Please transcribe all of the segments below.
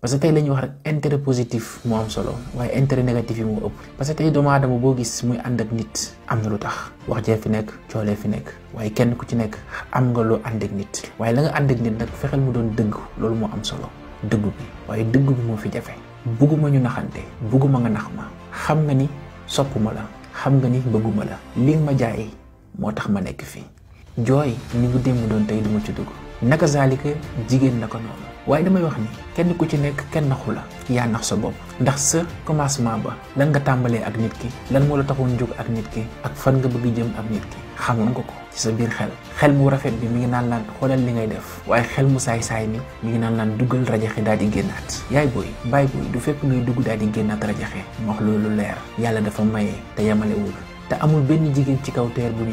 parce que tey lañuy ñuy wax rek intérêt positif moo am solo waaye intérêt négatif yi moo ëpp parce que tey doomu aadama boo gis muy ànd ak nit am na lu tax wax jee fi nekk coolee fi nekk waaye kenn ku ci nekk am nga loo ànd ak nit waaye la nga ànd ak nit nag fexeel mu doon dëgg loolu moo am solo dëgg bi waaye dëgg bi moo fi jafe bugguma ñu naxante bugguma nga nax ma xam nga ni soppuma la xam nga ni bëgguma la li ma jaay moo tax ma nekk fii jooy ni ngu démb doon tey du ma ci dugg naka zaalika jigéen naka noonu waaye damay wax ni kenn ku ci nekk kenn naxu la yaa nax sa bopp ndax sa commencement ba lan nga tàmbalee ak nit ki lan moo la taxoon jóg ak nit ki ak fan nga bëgg jëm ak nit ki xam nga ko ko ci sa biir xel xel mu rafet bi mi ngi naan laan xoolal li ngay def waaye xel mu saay-saay ni mi ngi naan laan duggal rajaxe daal di génnaat yaay booy baay booy du fépp ngay dugg daal di génnaat rajaxe wax loolu leer yàlla dafa maye te yamalewul te amul benn jigéen ci kaw teer bu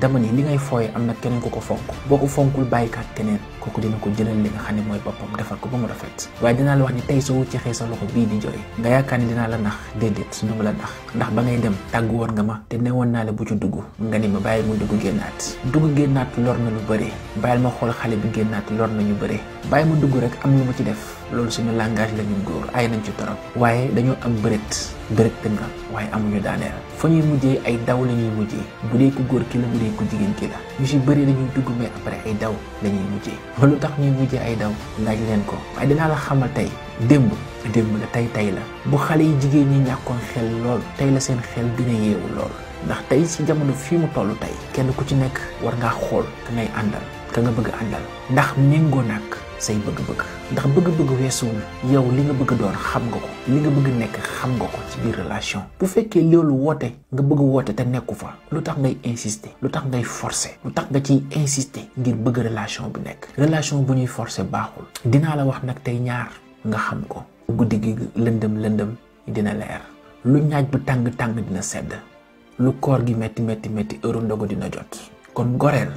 damani li ngay fooye am na keneen ku ko fonk boo ko fonkul bàyyi kaat keneen kooku dina ko jëlal li nga xam ne mooy boppam defal ko ba mu rafet waaye dinaa la wax ni tey soo ceexee sa loxo bii di joy nga yaakaar ne dinaa la nax déedéet nu nga la nax ndax ba ngay dem tàggu woon nga ma te ne woon naa la bu ci dugg nga ni ma bàyyi mu dugg génnaat dugg génnaat lor na lu bëree bàyyil ma xool xale bi génnaat lor na ñu bëree bàyyi mu dugg rek am lu ma ci def loolu sunu langage la ñu góor ay nañ ci torop waaye dañoo am bërét bërét dëng waaye amuñu daaneel fa ñuy mujjee ay daw la ñuy mujjee bu dee ku góor ki la bu beri kunci gintil lah. Mesti beri lagi dugu mek pada aidau lagi muci. Walau tak ni muci aidau lagi dan ko. Ada lah khamal tay. Dembu, dembu la tay tay lah. Bu khali jige ni nyakon khel lol. Tay la sen khel dina ye lol. Ndax tay si jamono fi mu tollu tay. Kenn ku ci nek war nga xol ngay andal, ka nga bëgg andal. Ndax mengo nak say bëgg-bëgg ndax bëgg-bëgg weesuwul yow li nga bëgg doon xam nga ko li nga bëgg nekk xam nga ko ci biir relation bu fekkee loolu woote nga bëgg woote te nekku fa lu tax ngay insister lu tax ngay forcer lu tax nga ci insister ngir bëgg relation bu nekk relation bu ñuy forcer baaxul dinaa la wax nag tey ñaar nga xam ko guddi gi lëndëm lëndëm dina leer lu ñaaj bu tàng tàng dina sedd lu koor gi metti metti metti heure ndogu dina jot kon goreel